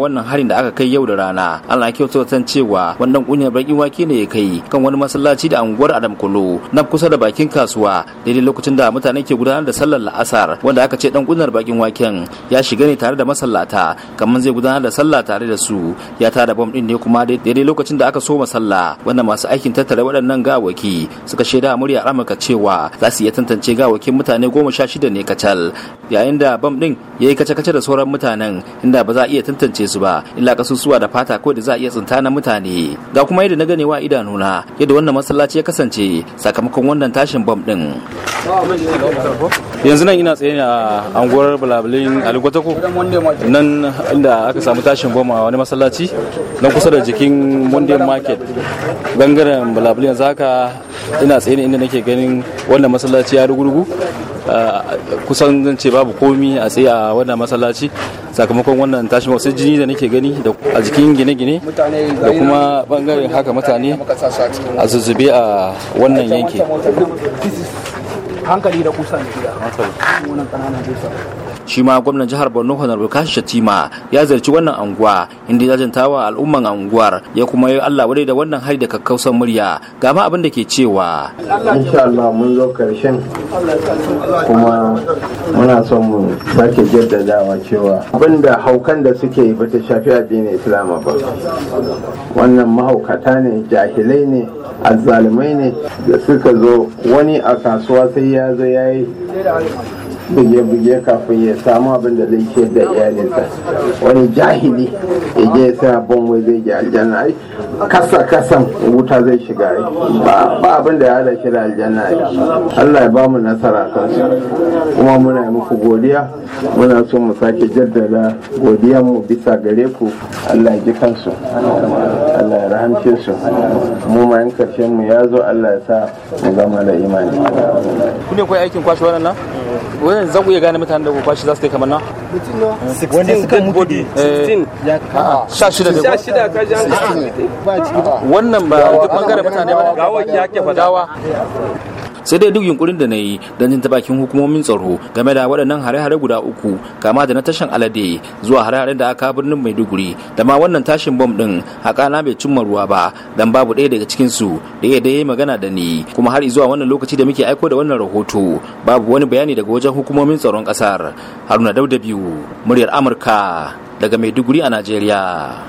wannan harin da aka kai yau da rana Allah ya kyautata san cewa wannan kunyar bakin wake ne ya kai kan wani masallaci da anguwar Adam Kolo na kusa da bakin kasuwa daidai lokacin da mutane ke gudanar da sallar la'asar wanda aka ce dan kunyar bakin waken ya shiga ne tare da masallata kamar zai gudanar da sallah tare da su ya tada bom din ne kuma daidai lokacin da aka so sallah wannan masu aikin tattara waɗannan gawaki suka shaida murya Amurka cewa za su iya tantance gawakin mutane goma sha shida ne kacal yayin da bam din ya yi kace-kace da sauran mutanen inda ba za a iya tantance su ba illa kasusuwa da fata ko da za a iya tsinta na mutane ga kuma yadda na wa idanuna yadda wannan masallaci ya kasance sakamakon wannan tashin bom din yanzu nan ina tsaye a anguwar bulabulin ko nan inda aka samu tashin bom a wani masallaci na kusa da jikin monday market gangaren bulabulin zaka ina tsaye inda nake ganin wannan masallaci ya rugurgu kusan zan ce babu komi a tsaye a wannan masallaci sakamakon wannan tashin wasu jini da nake gani a jikin gine-gine da kuma bangaren haka mutane a zuzube a wannan yanki hankali da kusan gida shi ma gwamnan jihar borno honorable kashi shatima ya zarci wannan anguwa inda ya wa al'umman anguwar ya kuma yi allah wadai da wannan hari da kakkausan murya ga ma abin da ke cewa insha allah mun zo karshen kuma muna son mu sake jaddadawa cewa abin da haukan da suke yi bata shafi addinin islam ba wannan mahaukata ne jahilai ne azzalumai ne da suka zo wani a kasuwa sai ya zo ya yi buge-buge kafin ya samu abin da zai ce da iyalinsa wani jahili ya je ya sa wai zai ji aljanna ai kasa kasan wuta zai shiga ai ba abin da ya hada shi da aljanna ai Allah ya ba mu nasara kansu kuma muna yi muku godiya muna so mu sake jaddada godiyar mu bisa gare ku Allah ya ji kansu Allah ya rahamce su mu ma yan karshen mu ya zo Allah ya sa mu zama da imani ku ne kai aikin kwashe wannan wannan zan iya gane mutanen da kwashi za su kai kamar na eh, suka mutu 16 eh, ya 16 ah, ah. da wannan ba duk bangare mutane ba gawa ya ke fadawa sai dai duk yunkurin da na yi don jin bakin hukumomin tsaro game da waɗannan hare-hare guda uku kama da na tashin alade zuwa hare hare da aka birnin maiduguri da ma wannan tashin bom ɗin na bai cimma ruwa ba don babu ɗaya daga cikinsu da ya da magana da ni kuma har zuwa wannan lokaci da muke aiko da wannan rahoto babu wani bayani daga wajen wajen hukumomin tsaron kasar haruna dauda biyu muryar amurka daga maiduguri a najeriya